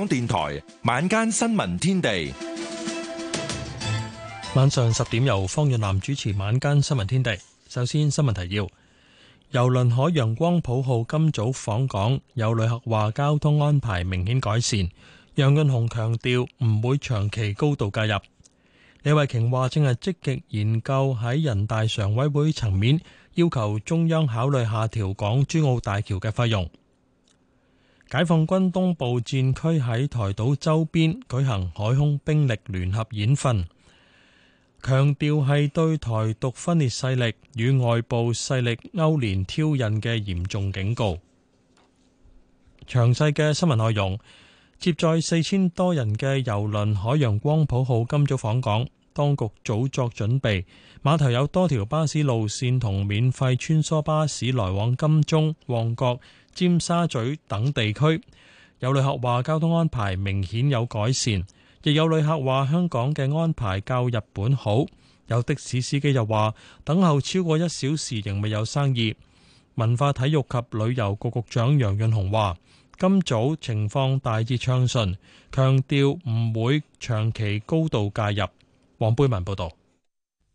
港電台晚間新聞天地，晚上十點由方潤南主持晚間新聞天地。首先新聞提要：郵輪海洋光譜號今早訪港，有旅客話交通安排明顯改善。楊潤雄強調唔會長期高度介入。李慧瓊話正係積極研究喺人大常委會層面要求中央考慮下調港珠澳大橋嘅費用。解放軍東部戰區喺台島周邊舉行海空兵力聯合演訓，強調係對台獨分裂勢力與外部勢力勾連挑釁嘅嚴重警告。詳細嘅新聞內容，接載四千多人嘅郵輪海洋光譜號今早訪港，當局早作準備，碼頭有多條巴士路線同免費穿梭巴士來往金鐘、旺角。尖沙咀等地區有旅客話交通安排明顯有改善，亦有旅客話香港嘅安排較日本好。有的士司機又話等候超過一小時仍未有生意。文化體育及旅遊局局長楊潤雄話今早情況大致暢順，強調唔會長期高度介入。黃貝文報道。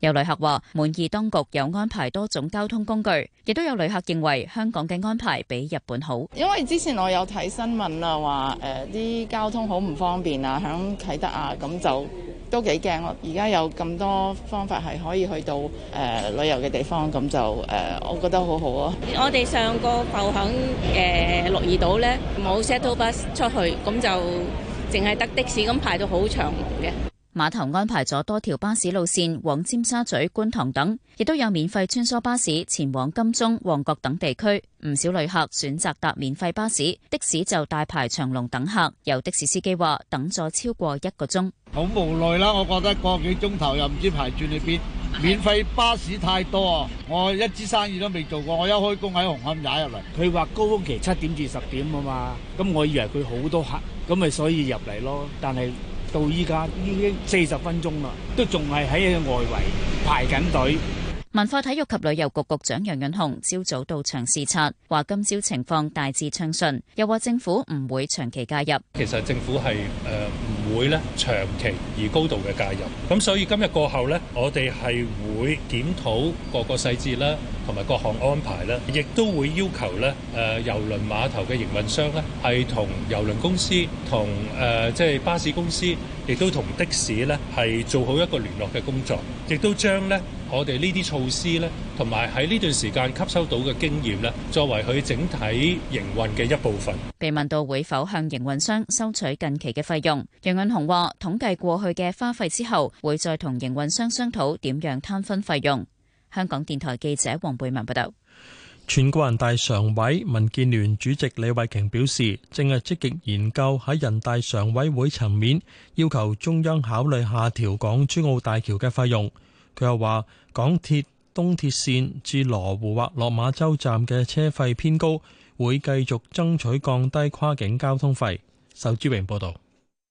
有旅客話滿意當局有安排多種交通工具，亦都有旅客認為香港嘅安排比日本好。因為之前我有睇新聞、呃、啊，話誒啲交通好唔方便啊，響啟德啊，咁就都幾驚咯。而家有咁多方法係可以去到誒、呃、旅遊嘅地方，咁就誒、呃、我覺得好好啊。我哋上個就響誒六二島咧冇 set up bus 出去，咁就淨係得的士咁排到好長龍嘅。碼頭安排咗多條巴士路線往尖沙咀、觀塘等，亦都有免費穿梭巴士前往金鐘、旺角等地區。唔少旅客選擇搭免費巴士，的士就大排長龍等客。有的士司機話等咗超過一個鐘，好無奈啦。我覺得個幾鐘頭又唔知排轉去邊。免費巴士太多啊，我一支生意都未做過，我一開工喺紅磡踩入嚟，佢話高峰期七點至十點啊嘛，咁我以為佢好多客，咁咪所以入嚟咯，但係。到依家已經四十分鐘啦，都仲係喺外圍排緊隊。文化體育及旅遊局局長楊潤雄朝早到場視察，話今朝情況大致暢順，又話政府唔會長期介入。其實政府係誒唔會咧長期而高度嘅介入，咁所以今日過後呢，我哋係會檢討各個細節啦，同埋各項安排啦，亦都會要求咧誒郵輪碼頭嘅營運商咧係同郵輪公司同誒即係巴士公司。亦都同的士呢係做好一個聯絡嘅工作，亦都將呢我哋呢啲措施呢，同埋喺呢段時間吸收到嘅經驗呢，作為佢整體營運嘅一部分。被問到會否向營運商收取近期嘅費用，楊潤雄話：統計過去嘅花費之後，會再同營運商商討點樣攤分費用。香港電台記者黃貝文報道。全國人大常委、民建聯主席李慧瓊表示，正係積極研究喺人大常委會層面要求中央考慮下調港珠澳大橋嘅費用。佢又話，港鐵東鐵綫至羅湖或落馬洲站嘅車費偏高，會繼續爭取降低跨境交通費。仇志榮報道。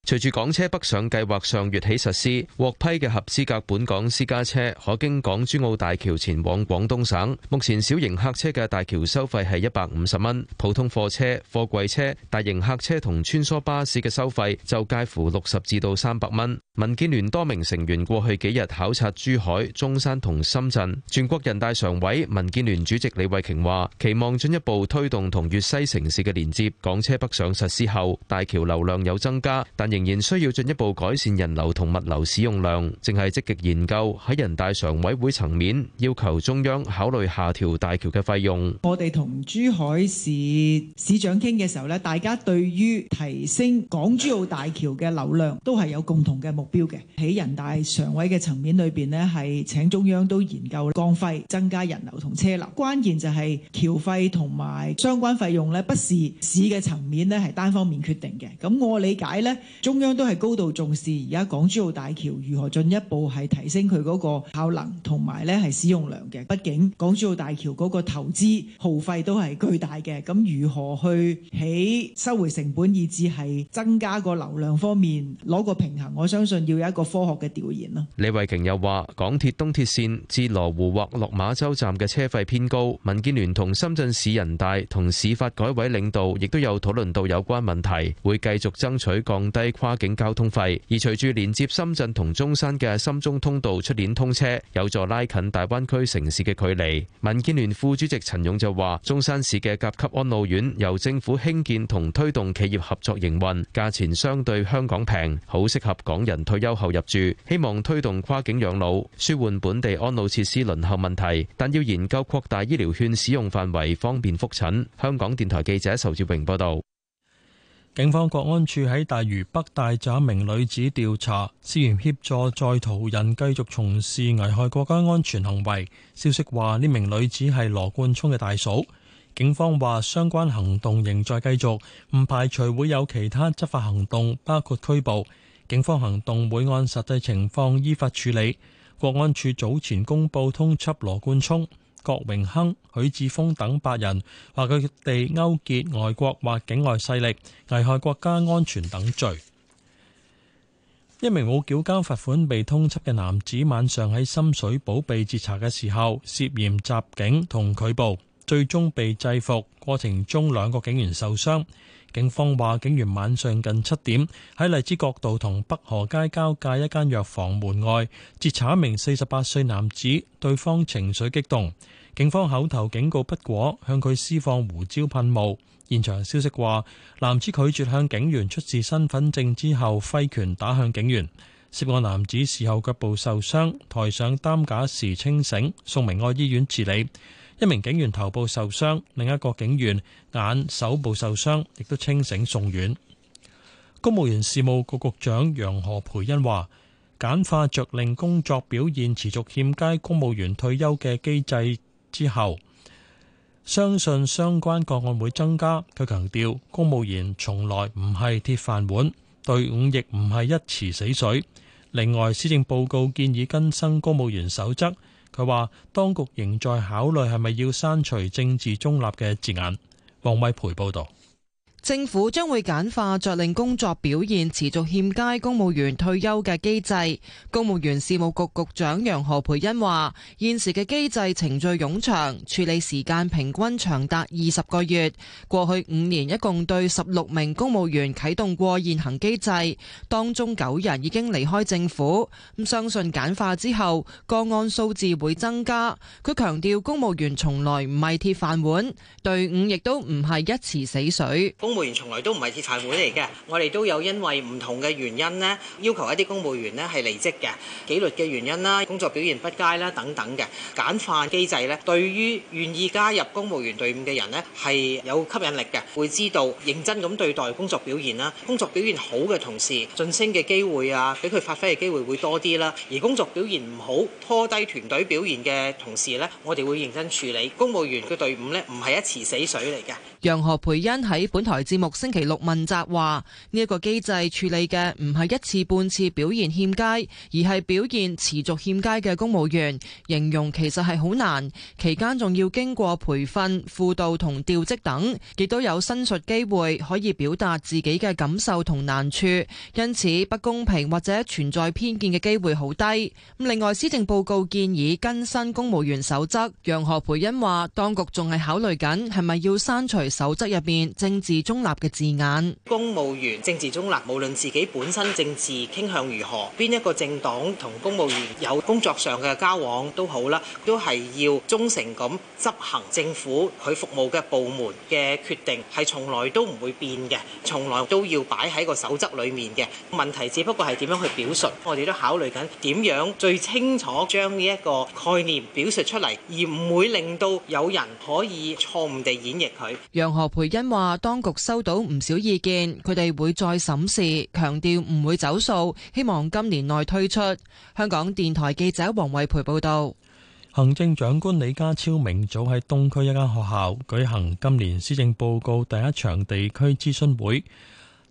隨住港車北上計劃上月起實施，獲批嘅合資格本港私家車可經港珠澳大橋前往廣東省。目前小型客車嘅大橋收費係一百五十蚊，普通貨車、貨櫃車、大型客車同穿梭巴士嘅收費就介乎六十至到三百蚊。民建聯多名成員過去幾日考察珠海、中山同深圳。全國人大常委民建聯主席李慧瓊話：期望進一步推動同粵西城市嘅連接。港車北上實施後，大橋流量有增加，但亦仍然需要進一步改善人流同物流使用量，正係積極研究喺人大常委會層面要求中央考慮下調大橋嘅費用。我哋同珠海市市長傾嘅時候咧，大家對於提升港珠澳大橋嘅流量都係有共同嘅目標嘅。喺人大常委嘅層面裏邊咧，係請中央都研究降費、增加人流同車流。關鍵就係橋費同埋相關費用咧，不是市嘅層面咧，係單方面決定嘅。咁我理解咧。中央都係高度重視而家港珠澳大橋如何進一步係提升佢嗰個效能同埋咧係使用量嘅。畢竟港珠澳大橋嗰個投資耗費都係巨大嘅，咁如何去喺收回成本以至係增加個流量方面攞個平衡？我相信要有一個科學嘅調研咯。李慧瓊又話：港鐵東鐵線至羅湖或落馬洲站嘅車費偏高，民建聯同深圳市人大同市發改委領導亦都有討論到有關問題，會繼續爭取降低。跨境交通費，而隨住連接深圳同中山嘅深中通道出年通車，有助拉近大灣區城市嘅距離。民建聯副主席陳勇就話，中山市嘅甲級安老院由政府興建同推動企業合作營運，價錢相對香港平，好適合港人退休後入住。希望推動跨境養老，舒緩本地安老設施輪候問題。但要研究擴大醫療券使用範圍，方便複診。香港電台記者仇志榮報道。警方國安處喺大嶼北大找一名女子調查，涉嫌協助在逃人繼續從事危害國家安全行為。消息話呢名女子係羅冠聰嘅大嫂。警方話相關行動仍在繼續，唔排除會有其他執法行動，包括拘捕。警方行動會按實際情況依法處理。國安處早前公布通緝羅冠聰郭榮鏗、許智峯等八人，話佢哋勾結外國或境外勢力，危害國家安全等罪。 一名冇繳交罰款被通緝嘅男子，晚上喺深水埗被截查嘅時候，涉嫌襲警同拒捕，最終被制服，過程中兩個警員受傷。警方話，警員晚上近七點喺荔枝角道同北河街交界一間藥房門外截查一名四十八歲男子，對方情緒激動，警方口頭警告不果，向佢施放胡椒噴霧。現場消息話，男子拒絕向警員出示身份證之後，揮拳打向警員。涉案男子事後腳部受傷，抬上擔架時清醒，送明愛醫院治理。一名警員頭部受傷，另一個警員眼手部受傷，亦都清醒送院。公務員事務局局長楊何培恩話：簡化着令工作表現持續欠佳公務員退休嘅機制之後，相信相關個案會增加。佢強調，公務員從來唔係鐵飯碗，隊伍亦唔係一池死水。另外，施政報告建議更新公務員守則。佢話，當局仍在考慮係咪要刪除政治中立嘅字眼。黃偉培報導。政府將會簡化再令工作表現持續欠佳公務員退休嘅機制。公務員事務局局長楊何培恩話，現時嘅機制程序冗長，處理時間平均長達二十個月。過去五年一共對十六名公務員啟動過現行機制，當中九人已經離開政府。咁相信簡化之後，個案數字會增加。佢強調，公務員從來唔係鐵飯碗，隊伍亦都唔係一池死水。公務員從來都唔係鐵飯碗嚟嘅，我哋都有因為唔同嘅原因呢，要求一啲公務員呢係離職嘅紀律嘅原因啦，工作表現不佳啦等等嘅簡化機制呢，對於願意加入公務員隊伍嘅人呢係有吸引力嘅，會知道認真咁對待工作表現啦，工作表現好嘅同事晉升嘅機會啊，俾佢發揮嘅機會會多啲啦，而工作表現唔好拖低團隊表現嘅同事呢，我哋會認真處理。公務員嘅隊伍呢，唔係一池死水嚟嘅。楊何培恩喺本台。節目星期六問責話，呢一個機制處理嘅唔係一次半次表現欠佳，而係表現持續欠佳嘅公務員，形容其實係好難。期間仲要經過培訓、輔導同調職等，亦都有申述機會可以表達自己嘅感受同難處，因此不公平或者存在偏見嘅機會好低。另外，施政報告建議更新公務員守則，楊何培恩話當局仲係考慮緊係咪要刪除守則入面政治中。立嘅字眼，公務員政治中立，無論自己本身政治傾向如何，邊一個政黨同公務員有工作上嘅交往都好啦，都係要忠誠咁執行政府佢服務嘅部門嘅決定，係從來都唔會變嘅，從來都要擺喺個守則裏面嘅問題，只不過係點樣去表述，我哋都考慮緊點樣最清楚將呢一個概念表述出嚟，而唔會令到有人可以錯誤地演繹佢。楊何蓓茵話當局。收到唔少意見，佢哋會再審視，強調唔會走數，希望今年內推出。香港電台記者黃慧培報道。行政長官李家超明早喺東區一間學校舉行今年施政報告第一場地區諮詢會。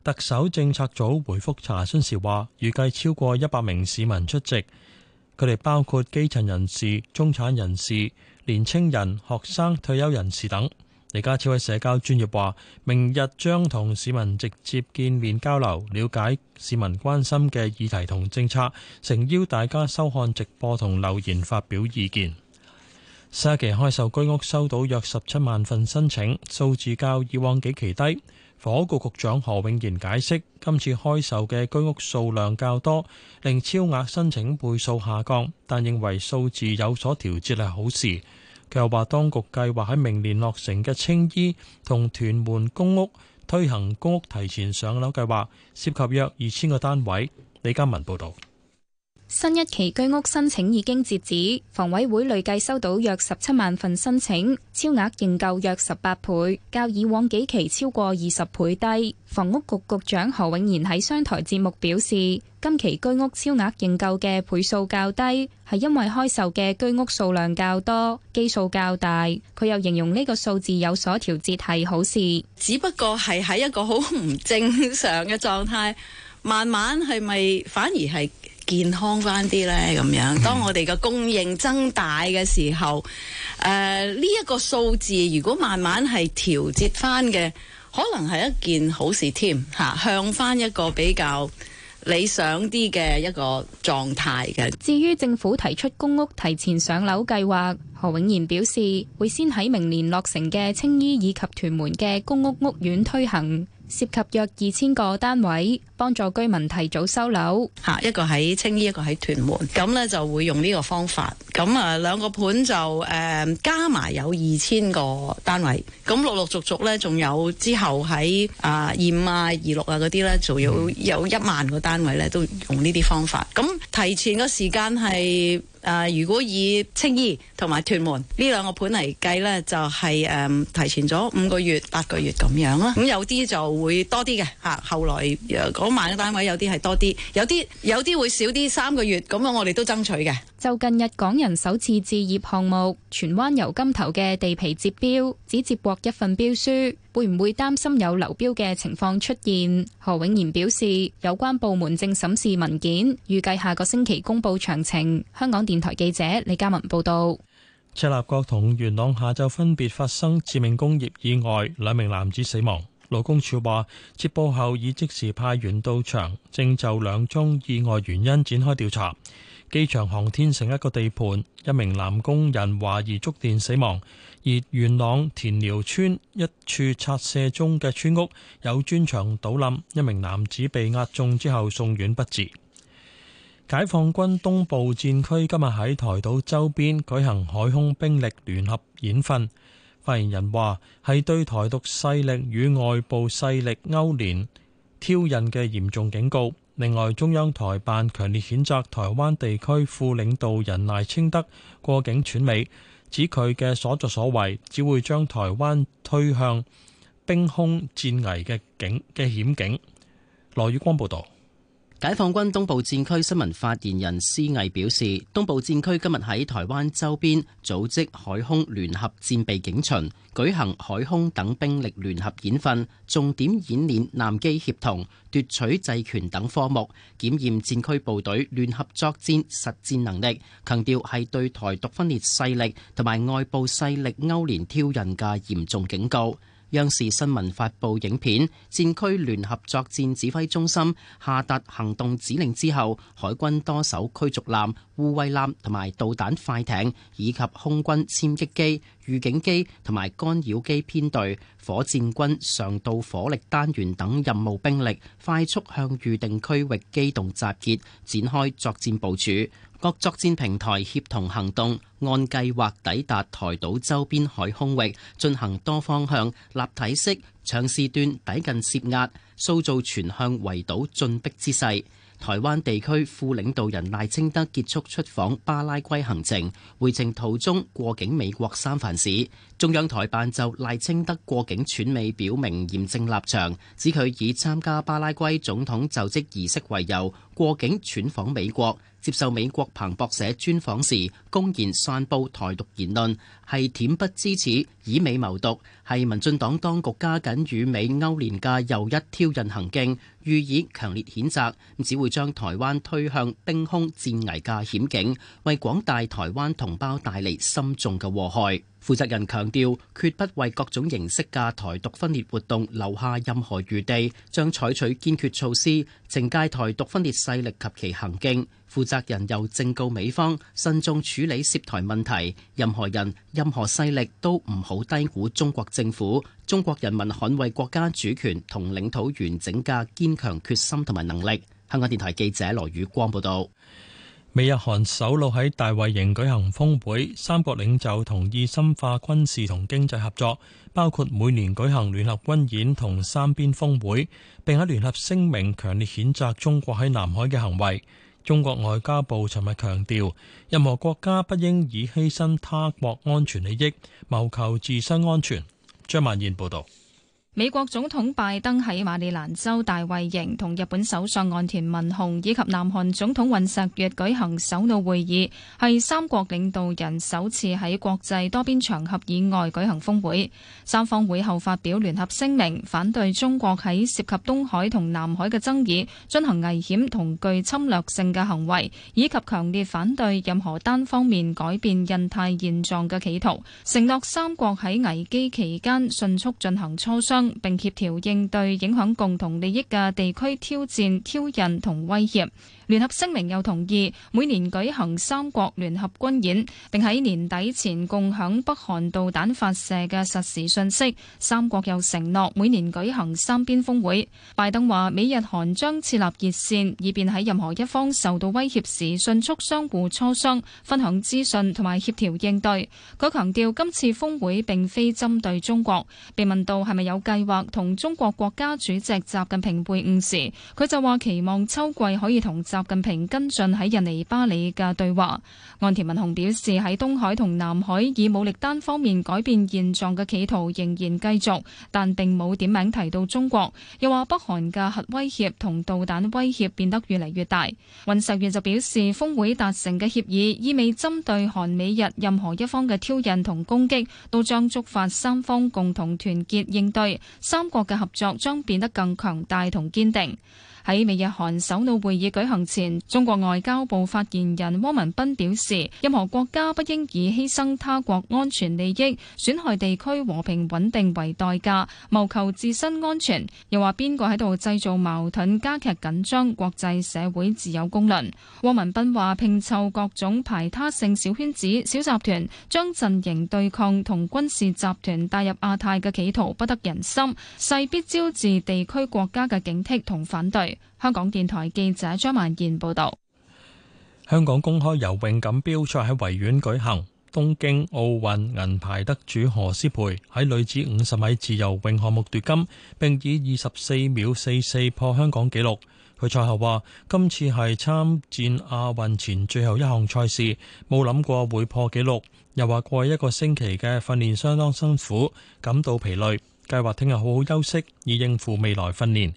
特首政策組回覆查詢時話，預計超過一百名市民出席，佢哋包括基層人士、中產人士、年青人、學生、退休人士等。李家超喺社交專頁話，明日將同市民直接見面交流，了解市民關心嘅議題同政策，誠邀大家收看直播同留言發表意見。沙期開售居屋收到約十七萬份申請，數字較以往幾期低。房屋局局長何永賢解釋，今次開售嘅居屋數量較多，令超額申請倍數下降，但認為數字有所調節係好事。佢又話，當局計劃喺明年落成嘅青衣同屯門公屋推行公屋提前上樓計劃，涉及約二千個單位。李家文報道。新一期居屋申請已經截止，房委會累計收到約十七萬份申請，超額認購約十八倍，較以往幾期超過二十倍低。房屋局局長何永賢喺商台節目表示，今期居屋超額認購嘅倍數較低，係因為開售嘅居屋數量較多，基數較大。佢又形容呢個數字有所調節係好事，只不過係喺一個好唔正常嘅狀態，慢慢係咪反而係健康翻啲咧，咁樣當我哋嘅供應增大嘅時候，誒呢一個數字如果慢慢係調節翻嘅，可能係一件好事添吓、啊，向翻一個比較理想啲嘅一個狀態嘅。至於政府提出公屋提前上樓計劃，何永賢表示會先喺明年落成嘅青衣以及屯門嘅公屋屋苑推行，涉及約二千個單位。幫助居民提早收樓，吓一個喺青衣，一個喺屯門，咁呢就會用呢個方法，咁啊兩個盤就誒、呃、加埋有二千個單位，咁陸陸續續呢，仲有之後喺啊二五啊二六啊嗰啲呢，仲、呃、有有一萬個單位呢，都用呢啲方法，咁提前個時間係誒如果以青衣同埋屯門呢兩個盤嚟計呢，就係誒提前咗五個月八個月咁樣啦，咁有啲就會多啲嘅吓，後來、呃好慢嘅單位有啲係多啲，有啲有啲會少啲三個月，咁我我哋都爭取嘅。就近日港人首次置業項目，荃灣油柑頭嘅地皮接標，只接獲一份標書，會唔會擔心有流標嘅情況出現？何永賢表示，有關部門正審視文件，預計下個星期公佈詳情。香港電台記者李嘉文報道。赤鱲角同元朗下晝分別發生致命工業意外，兩名男子死亡。勞工處話，接報後已即時派員到場，正就兩宗意外原因展開調查。機場航天城一個地盤，一名男工人懷疑觸電死亡；而元朗田寮村一處拆卸中嘅村屋有磚牆倒冧，一名男子被壓中之後送院不治。解放軍東部戰區今日喺台島周邊舉行海空兵力聯合演訓。發言人話：係對台獨勢力與外部勢力勾連挑釁嘅嚴重警告。另外，中央台辦強烈譴責台灣地區副領導人賴清德過境竄美，指佢嘅所作所為只會將台灣推向兵凶戰危嘅警嘅險境。羅宇光報道。解放軍東部戰區新聞發言人施毅表示，東部戰區今日喺台灣周邊組織海空聯合戰備警巡，舉行海空等兵力聯合演訓，重點演練艦機協同、奪取制權等科目，檢驗戰區部隊聯合作戰實戰能力，強調係對台獨分裂勢力同埋外部勢力勾連挑釁嘅嚴重警告。央視新聞發布影片，戰區聯合作戰指揮中心下達行動指令之後，海軍多艘驅逐艦、護衛艦同埋導彈快艇，以及空軍殲擊機、預警機同埋干擾機編隊、火箭軍常導火力單元等任務兵力，快速向預定區域機動集結，展開作戰部署。各作戰平台協同行動，按計劃抵達台島周邊海空域，進行多方向、立體式、長時段抵近施壓，塑造全向圍島進逼之勢。台灣地區副領導人賴清德結束出訪巴拉圭行程，回程途中過境美國三藩市。中央台辦就賴清德過境竄美表明嚴正立場，指佢以參加巴拉圭總統就職儀式為由過境竄訪美國。接受美國彭博社專訪時，公然散布台獨言論，係恬不知恥，以美謀獨，係民進黨當局加緊與美勾連嘅又一挑釁行徑，予以強烈譴責。只會將台灣推向兵凶戰危嘅險境，為廣大台灣同胞帶嚟深重嘅禍害。負責人強調，決不為各種形式嘅台獨分裂活動留下任何餘地，將採取堅決措施，懲戒台獨分裂勢力及其行徑。負責人又正告美方慎重處理涉台問題，任何人、任何勢力都唔好低估中國政府、中國人民捍衛國家主權同領土完整嘅堅強決心同埋能力。香港電台記者羅宇光報道。美日韓首腦喺大衛營舉行峰會，三國領袖同意深化軍事同經濟合作，包括每年舉行聯合軍演同三邊峰會，並喺聯合聲明強烈譴責中國喺南海嘅行為。中國外交部尋日強調，任何國家不應以犧牲他國安全利益，謀求自身安全。張曼燕報導。美國總統拜登喺馬里蘭州大衛營同日本首相岸田文雄以及南韓總統尹錫悅舉行首腦會議，係三國領導人首次喺國際多邊場合以外舉行峰會。三方會後發表聯合聲明，反對中國喺涉及東海同南海嘅爭議進行危險同具侵略性嘅行為，以及強烈反對任何單方面改變印太現狀嘅企圖，承諾三國喺危機期間迅速進行磋商。並協調應對影響共同利益嘅地區挑戰、挑釁同威脅。聯合聲明又同意每年舉行三國聯合軍演，並喺年底前共享北韓導彈發射嘅實時信息。三國又承諾每年舉行三邊峰會，拜登話美日韓將設立熱線，以便喺任何一方受到威脅時迅速相互磋商、分享資訊同埋協調應對。佢強調今次峰會並非針對中國，被問到係咪有計劃同中國國家主席習近平會晤時，佢就話期望秋季可以同習近平跟進喺印尼巴里嘅對話，岸田文雄表示喺東海同南海以武力單方面改變現狀嘅企圖仍然繼續，但並冇點名提到中國。又話北韓嘅核威脅同導彈威脅變得越嚟越大。尹錫悅就表示，峰會達成嘅協議意味針對韓美日任何一方嘅挑釁同攻擊，都將觸發三方共同團結應對，三國嘅合作將變得更強大同堅定。喺美日韓首腦會議舉行前，中國外交部發言人汪文斌表示：任何國家不應以犧牲他國安全利益、損害地區和平穩定為代價，謀求自身安全。又話邊個喺度製造矛盾、加劇緊張，國際社會自有公論。汪文斌話：拼湊各種排他性小圈子、小集團，將陣營對抗同軍事集團帶入亞太嘅企圖，不得人心，勢必招致地區國家嘅警惕同反對。香港電台記者張萬健報道：香港公開游泳錦標賽喺維園舉行，東京奧運銀牌得主何詩蓓喺女子五十米自由泳項目奪金，並以二十四秒四四破香港紀錄。佢賽後話：今次係參戰亞運前最後一項賽事，冇諗過會破紀錄。又話過一個星期嘅訓練相當辛苦，感到疲累，計劃聽日好好休息，以應付未來訓練。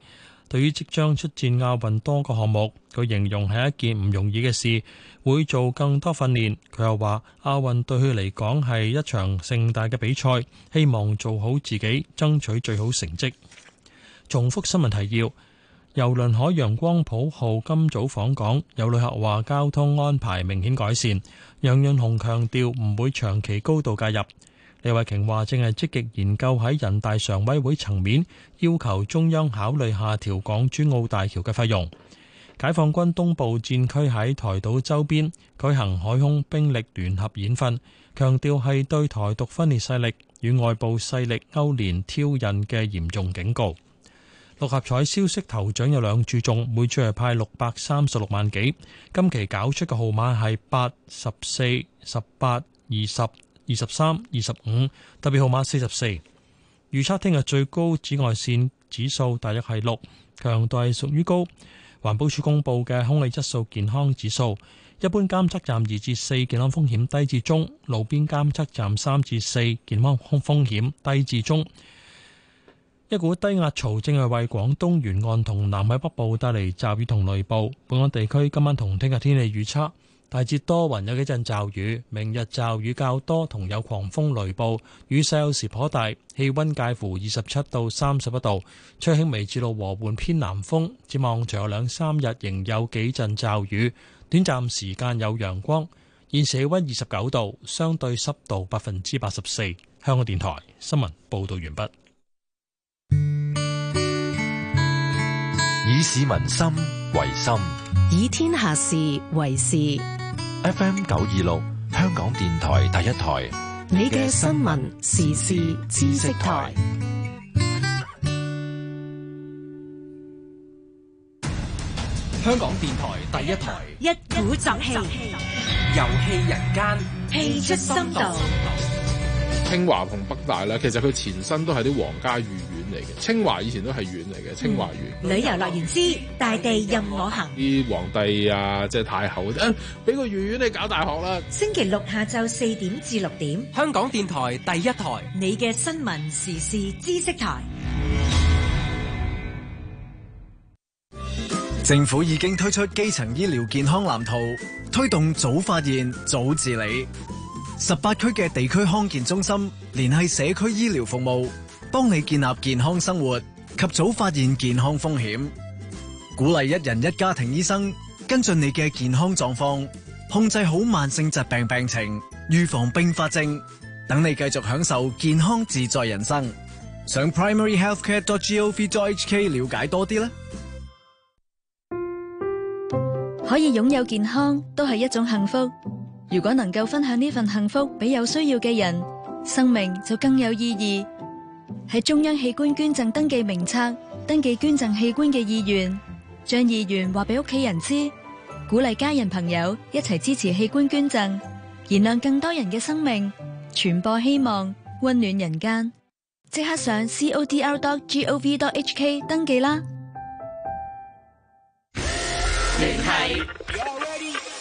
對於即將出戰亞運多個項目，佢形容係一件唔容易嘅事，會做更多訓練。佢又話亞運對佢嚟講係一場盛大嘅比賽，希望做好自己，爭取最好成績。重複新聞提要：郵輪海洋光譜號今早訪港，有旅客話交通安排明顯改善。楊潤雄強調唔會長期高度介入。李慧瓊話：正係積極研究喺人大常委會層面要求中央考慮下調港珠澳大橋嘅費用。解放軍東部戰區喺台島周邊舉行海空兵力聯合演訓，強調係對台獨分裂勢力與外部勢力勾連挑釁嘅嚴重警告。六合彩消息，頭獎有兩注中，每注係派六百三十六萬幾。今期搞出嘅號碼係八、十四、十八、二十。二十三、二十五，25, 特別號碼四十四。預測聽日最高紫外線指數大約係六，強度係屬於高。環保署公布嘅空氣質素健康指數，一般監測站二至四，健康風險低至中；路邊監測站三至四，健康風險低至中。一股低壓槽正係為廣東沿岸同南海北部帶嚟驟雨同雷暴。本港地區今晚同聽日天氣預測。大致多雲，有幾陣驟雨。明日驟雨較多，同有狂風雷暴，雨勢有時頗大。氣温介乎二十七到三十一度，吹輕微至到和緩偏南風。展望仲有兩三日，仍有幾陣驟雨，短暫時間有陽光。現時氣温二十九度，相對濕度百分之八十四。香港電台新聞報道完畢。以市民心為心，以天下事為事。FM 九二六，香港電台第一台，你嘅新聞時事知識台，香港電台第一台，一鼓作氣，遊戲氣人間，戲出深度。清華同北大啦，其實佢前身都係啲皇家御苑嚟嘅。清華以前都係苑嚟嘅，嗯、清華苑。旅遊樂園之大地任我行。啲皇帝啊，即、就、係、是、太后嗰啲，俾、嗯、個御苑你搞大學啦。星期六下晝四點至六點，香港電台第一台，你嘅新聞時事知識台。政府已經推出基層醫療健康藍圖，推動早發現、早治理。十八區嘅地區康健中心聯繫社區醫療服務，幫你建立健康生活，及早發現健康風險，鼓勵一人一家庭醫生跟進你嘅健康狀況，控制好慢性疾病病情，預防並發症，等你繼續享受健康自在人生。上 primaryhealthcare.gov.hk 了解多啲啦！可以擁有健康，都係一種幸福。如果能夠分享呢份幸福俾有需要嘅人，生命就更有意義。喺中央器官捐贈登記名冊登記捐贈器官嘅意願，將意願話俾屋企人知，鼓勵家人朋友一齊支持器官捐贈，燃亮更多人嘅生命，傳播希望，溫暖人間。即刻上 codr.gov.hk 登記啦！聯繫。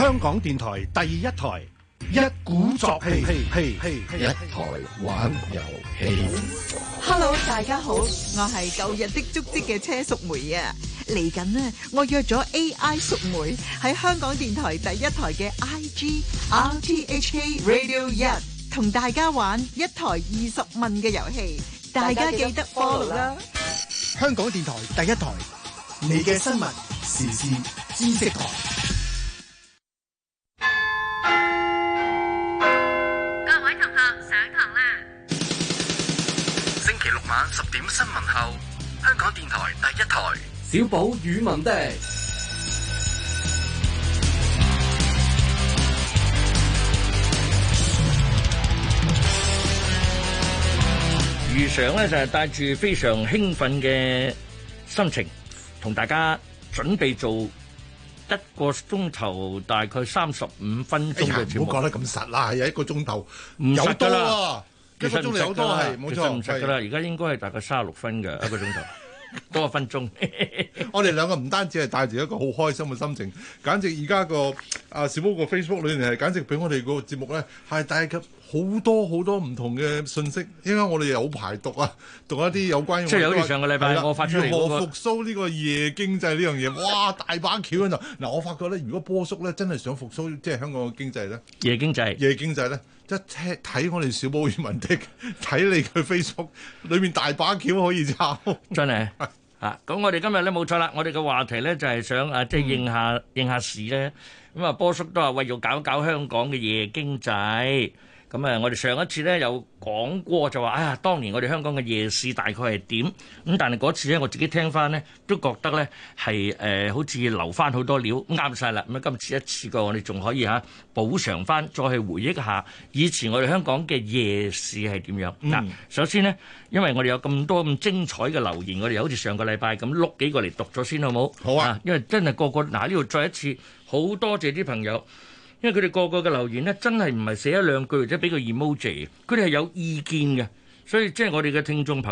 香港電台第一台，一鼓作氣，一台玩遊戲。Hello，大家好，我係舊日的足跡嘅車淑梅啊！嚟緊呢，我約咗 AI 淑梅喺香港電台第一台嘅 IG RTHK Radio One 同大家玩一台二十問嘅遊戲，大家記得 follow 啦！香港電台第一台，你嘅新聞、時事、知識台。小寶語文的，如常咧就係帶住非常興奮嘅心情，同大家準備做一個鐘頭，大概三十五分鐘嘅節目。唔好講得咁實啦，係有一個鐘頭，唔實有多啦，一個鐘頭有多係，冇錯唔實噶啦。而家應該係大概三十六分嘅一個鐘頭。多一分鐘， 我哋兩個唔單止係帶住一個好開心嘅心情，簡直而家個阿小、啊、貓個 Facebook 裏面係簡直俾我哋個節目咧係帶及好多好多唔同嘅信息。依家我哋有排讀啊，讀一啲有關。即係好似上個禮拜了我發咗嚟個如何復蘇呢個夜經濟呢樣嘢，哇大把橋喺度嗱。我發覺咧，如果波叔咧真係想復蘇，即係香港嘅經濟咧，夜經濟，夜經濟咧。一睇睇我哋小波與文迪，睇你佢 Facebook 裏面大把橋可以抄，真係是 啊！咁我哋今日咧冇錯啦，我哋嘅話題咧就係、是、想啊，即係應下應、嗯、下市咧。咁啊，波叔都係為咗搞搞香港嘅夜經濟。咁啊、嗯，我哋上一次咧有講過就話，哎呀，當年我哋香港嘅夜市大概係點？咁但係嗰次咧，我自己聽翻咧，都覺得咧係誒，好似留翻好多料，啱晒啦。咁啊、嗯，今次一次過，我哋仲可以吓補償翻，再去回憶下以前我哋香港嘅夜市係點樣嗱、嗯啊。首先呢，因為我哋有咁多咁精彩嘅留言，我哋好似上個禮拜咁碌幾個嚟讀咗先，好冇？好啊、啊，因為真係個個嗱，呢、啊、度再一次，好多謝啲朋友。因為佢哋個個嘅留言咧，真係唔係寫一兩句或者俾個 emoji，佢哋係有意見嘅，所以即係我哋嘅聽眾朋友。